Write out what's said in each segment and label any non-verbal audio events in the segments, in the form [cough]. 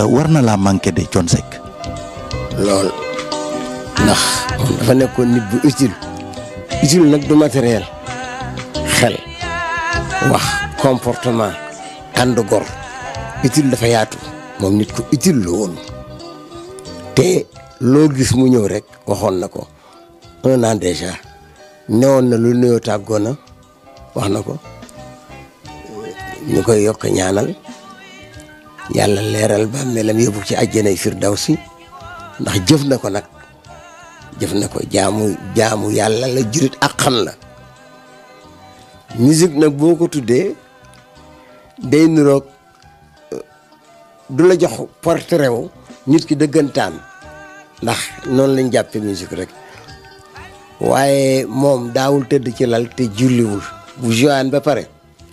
Euh, war na laa manqué de Thione Seck. lool ndax dafa nekkoon nit bu utile utile nag du matériel xel wax comportement ànd gor utile dafa yaatu moom nit ku utile la woon te loo gis mu ñëw rek waxoon na ko naa an déjà newoon na lu nuyoo tàggoona wax na ko ñu koy yokk ñaanal yàlla leeral ba melam yóbbu ci daw si ndax jëf na ko nag jëf na ko jaamu jaamu yàlla la jurit ak xam la musique nag boo ko tuddee day niroog euh, du la jox portrait wu nit ki dëggantaan ndax noonu lañ jàppe musique rek waaye moom daawul tëdd ci lal te julliwul bu joaan ba pare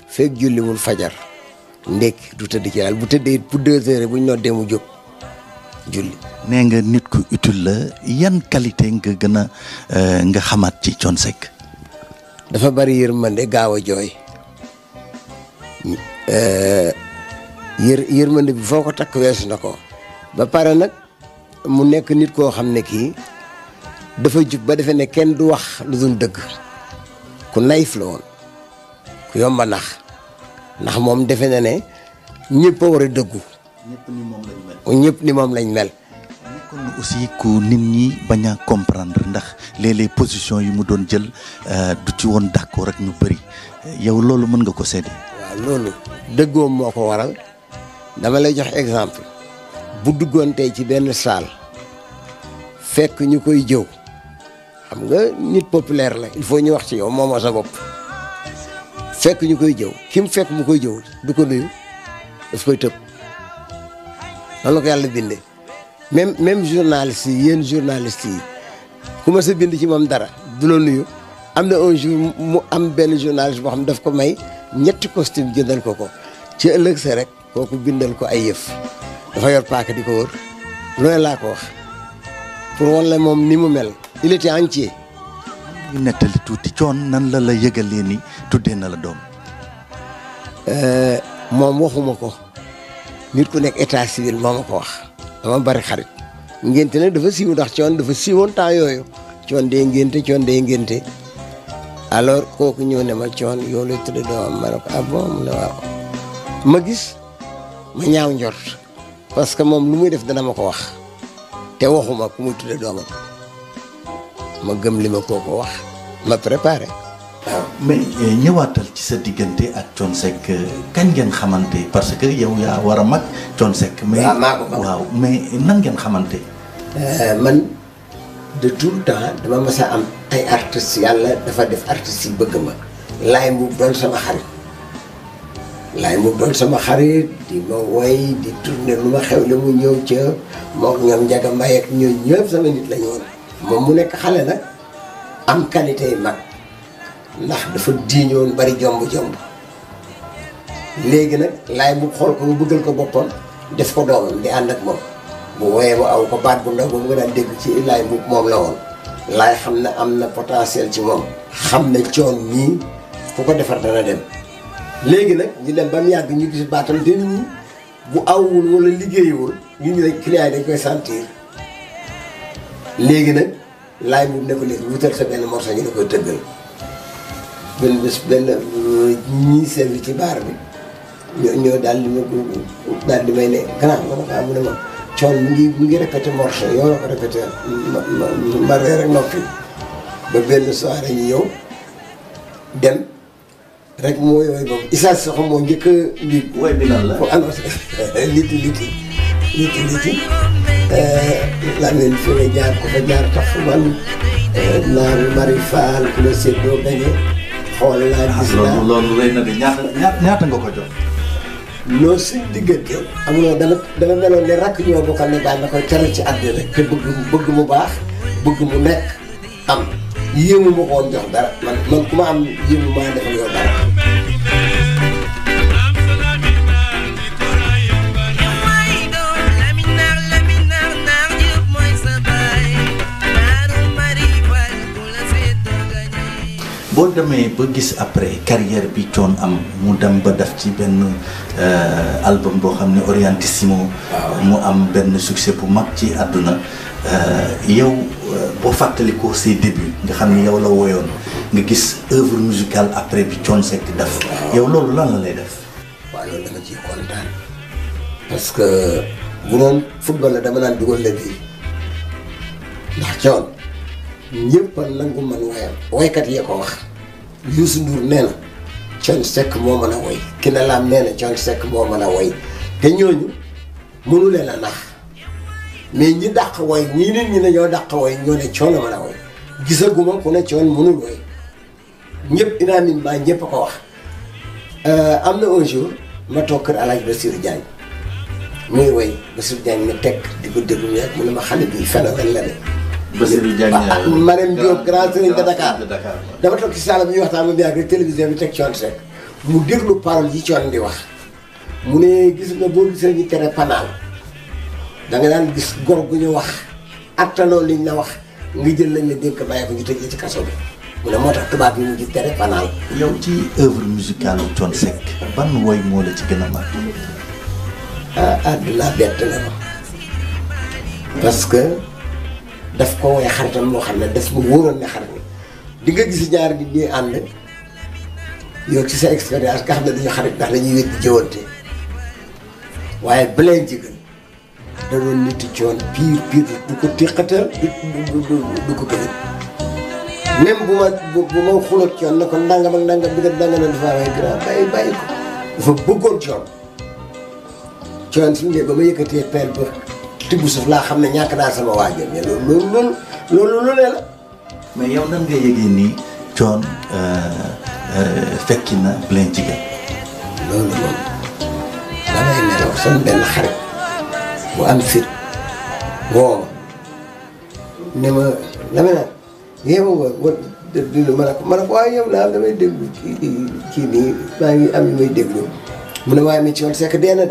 fekk julliwul fajar ndekki du tëdd ci daal bu tëddee pour deux heures bu ñu noddee mu jóg julli. nee nga nit ku util la yan qualité nga gën a euh, nga xamaat ci Thione Seck. dafa bari yërmande gaaw a jooy euh, yër yërmande bi foo ko takk weesu na ko ba pare nag mu nekk nit koo xam ne kii dafa jub ba defe ne kenn du wax lu dul dëgg ku nayif la woon ku yomba nax ndax moom defe na ne ñëpp war a dëggu. ñëpp ni ñëpp ni moom lañ mel. kon aussi ku nit ñi bañ a comprendre ndax léeg-léeg position yi mu doon jël euh, du ci woon d'accord ak ñu bëri yow loolu mën nga ko séddee. waaw loolu dëggoom moo ko waral dama lay jox exemple bu duggoon tey ci benn salle fekk ñu koy jëw xam nga nit populaire la. il faut ñu wax ci yow moomoo sa bopp. fekk ñu koy jëw ki mu fekk mu koy jëw du ko nuyu daf koy tëb noonu la yàlla bindee même même journaliste yi yéen journaliste yi ku ma sa bind ci moom dara du la nuyu am na un jour mu am benn journaliste boo xam daf ko may ñetti costume jëndal ko ko ci ëllëg sa rek kooku bindal ko ay yëf dafa yor paaka di ko wër looy laa ko wax pour moom ni mu mel il était entier ñu nettali tuuti coon nan la la yëgalee ni tuddee na la doom. Eh, moom waxuma ko nit ku nekk état civil moo ma ko wax dama bari xarit ngénte nag dafa siiw ndax coon dafa siiwoon temps yooyu coon day ngénte coon day ngénte alors kooku ñëw ne ma coon yow lay tudde doomam ma ko ah bon mu ne waaw gis ma ñaaw njort parce que moom lu muy def dana ma ko wax te waxuma ku muy tudde doomam ma gëm li ma ko wax ma préparé. waaw ah, mais eh, ñëwaatal ci sa diggante ak Thione Seck eh, kañ ngeen xamante parce que yow yaa war a mag Thione Seck. mais ah, waaw mais nan ngeen xamante. Eh, man de tout le temps dama mës a am ay artistes yàlla dafa def artistes yi bëgg ma. laay mu doon sama xarit laay mu doon sama xarit di ma woy di tourné lu ma xew la mu ñëw ca moom ñoom Ndiaga Mbaye ak ñooñu ñëpp sama nit la ñu moom mu nekk xale nag am qualité yi mag ndax dafa diiñoon bari jomb-jomb léegi nag laay bu xool ko mu bëggal ko boppam def ko doomam di ànd ak moom bu woyee mu aw ko baat bu ndaw ba mu nga daan dégg ci laay bu moom la woon laay xam ne am na potentiel ci moom xam ne coon nii fu ko defar dana dem léegi nag ñu dem ba yàgg ñu gis baatam te nit bu awul wala liggéeyul ñu ñu rek client yi dañ koy sentir léegi nag laaj bi ne ko léegi wutal sa benn morceau ñu ne koy tëggal benn bés benn ñii ci baar bi ñoo daal di ma daal di may ne grand ma ne ko am ah, ne ma coon mi ngi mi ngi répété morceau yow la ma ma ma rek noppi ba benn soirée ñu yow dem rek moo yooyu boobu Issa Soxo moo njëkk a ah, [laughs] lii. wéy Lamine fi nga jaar ko fa jaar tax man eh, naaru Mari Fall ku la séddoo gañe xool laa gis naa loolu lay na bi ñaata ñaata nga ko jox loo suñ diggante am na dama dama meloon ne rakk ñoo bokkal ne daal na koy teral ci àddina te bëgg bëgg mu baax bëgg mu nekk am yéemu ma jox dara man man ku ma am yéemu maa defal yow dara boo demee ba gis après carrière bi coon am mu dem ba def ci benn euh, album boo xam ne orientissimo ah mu am benn succès bu mag ci àdduna euh, yow euh, boo fàttalikoo si débuts nga xam ne yow la woyoon nga gis œuvre musicale après bi coon Seck def ah yow loolu lan la lay def waaw loolu dama ciy kontaan parce que bu doon football la dama naan dugal la bii ndax coon ñëpp a nangu man wayam waykat yee ko wax Youssou Ndour nee na Thione Seck moo mën a woy Kiné Lam nee na Thione Seck moo mën a woy te ñooñu mënu leen a nax mais ñi daq woy ñii nit ñi ne ñoo dàq woy ñoo ne Thione mën a woy gisaguma ku ne Thione mënul woy ñëpp unanimement ñëpp a ko wax euh, am na un jour ma toog kër El Hadj Bassirou Diagne muy woy Bassirou Diagne ma tekk di ko déglu mu ne ma xale bi phénomène la de Bassirou Diagne Marème Diop grand sëriñ de Dakar dafa toog ci saala bi ñuy waxtaan mu bi rek télévision bi teg coon sec mu déglu parole yi coon wax mu ne gis nga boo gisee ñu tere panaal da nga daan gis gor gu ñu wax attanoo liñ la wax nga jël lañ la dénk bàyyi ko ñu tëj ci kaso bi mu ne moo tax tubaat yi ñu ngi tere panaal yow ci œuvre musicale coon sec ban woy moo la ci gën a mag ah, ah la bett na ma parce que daf ko way xaritam loo xam ne daf ko wóoroon ne xarit bi di nga gis ñaar nit ñuy ànd yow ci sa expérience nga xam ne dañu xarit ndax dañuy wéddi jëwante waaye ba leen ci gën da doon nit yi coon pire ko téqatal du bi nga ndàngam ne dafa bëggoon coon coon suñu ne ba ma yëkkatee père ba tibb suuf laa xam ne ñàkk naa sama waajur mais loolu loolu loolu loolu lu ne la. mais yow nan nga nii coon euh, euh, fekki na Blindé Jigéen. loolu moom damay nelaw sama ma dama naan yéema nga wa waaye maa ngi am yu may déglu mu ne mi coon sekk dee na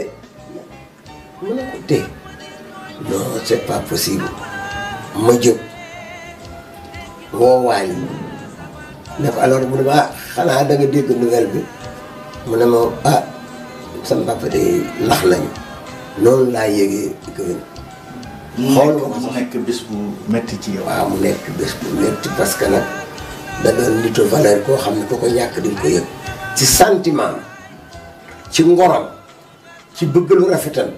de non c'est pas possible ma jóg woo Waly ne ko alors mu ne ma ah, xanaa da nga dégg nouvelle bi mu ne ma ah, sama papa de lax lañu noonu laa yëgee gën. xool ma mu nekk bés bu métti ci yow. waaw mu nekk bés bu métti parce nag da doon nitu valeur koo xam ne ku ko ñàkk di ko yëg. ci sentiment ci ngorom ci bëgg lu rafetal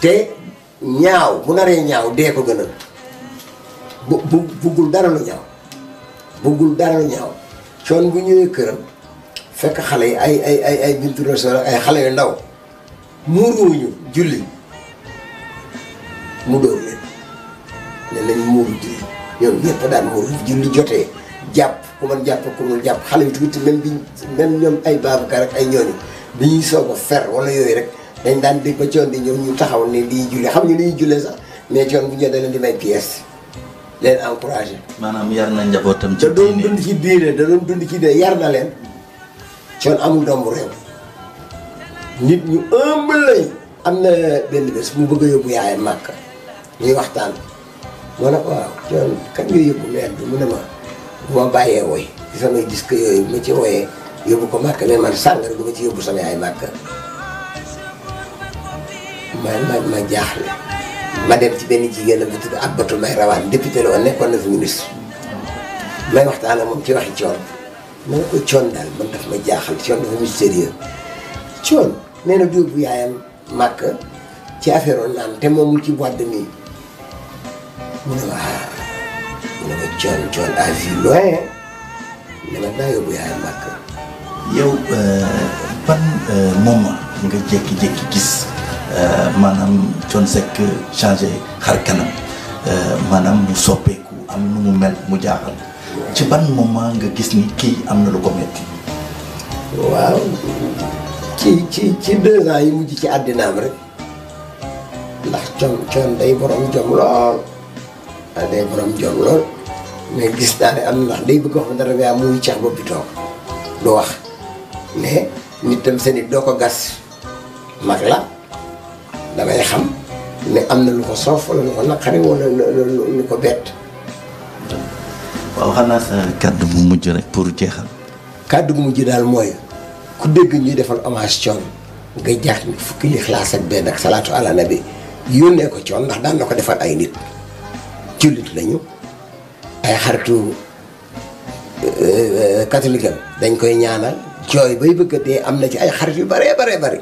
te. ñaaw bu naree ñaaw dee ko gënal bu bu buggul dara lu ñaaw buggul dara lu ñaaw coon bu ñëwee këram fekk xale yi ay ay ay ay bintu rasul ay xale yu ndaw muuruwuñu julli mu dóor leen ne nañ muuru julli ñoom ñëpp daan muuru julli jotee jàpp ku mën jàpp ku mën jàpp xale yu tuuti même bi ñoom ay Babacar ak ay ñooñu bi ñuy soow a fer wala yooyu rek dañ daan dégg ba coon di ñëw ñu taxaw ne lii julli xam ñu lii julli sax mais coon bu ñëwee da leen di may pièce leen encouragé. maanaam yar na njabootam. ci diine da doon dund ci diine da doon ci diine yar na leen coon amul doomu réew nit ñu ëmb lañ. am na benn bés mu bu a yóbbu yaayam màkk ñuy waxtaan moo ne ko waaw coon kan mu ne ma bu ma bàyyee woy ci samay yooyu ma ci woyee yóbbu ko màkk mais man sàngara du ma ci yóbbu sama yaay màkk. ma ma ma jaaxle ma dem ci benn jigéen bu tudd May Rawane député la woon nekkoon na fi ministre may waxtaan ak moom ci waxi coon ma ne ko coon daal coon dafa mystérieux ci affaire oon naan ci boîte ma mu ne ma ah. yaayam màkk yow euh, ban euh, moment nga jékki-jékki gis Euh, maanaam Thione Seck changé xar kanam euh, maanaam mu soppeeku am nu mu mel mu jaaxal ci ban moment nga gis ni kii am na lu ko metti waaw ci ci ci deux ans yi mujj ci àddinaam rek ndax Thione day borom jom lool ah day borom jom lool mais gis naa ne am na ndax day bëgg wax dara yaa muy cax bopp du wax mais nit tam seen doo ko gas mag la damay xam ne am na lu ko soof wala lu ko naqari wala lu ko bett. waaw xanaa sa kàddu bu mujj rek pour jeexal. kàddu bu mujj daal mooy ku dégg ñuy defal hommage Thione nga jaax ni fukki Lixlaas ak benn ak salaatu ala bi yónnee ko Thione ndax daan na ko defal ay nit jullit lañu ay xaritu euh, catholique dañ koy ñaanal jooy bay bëgg a dee am na ci ay xarit yu bëree bëree bëri.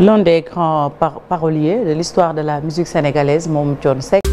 L'un des grands par paroliers de l'histoire de la musique sénégalaise, Moum Thione Seck.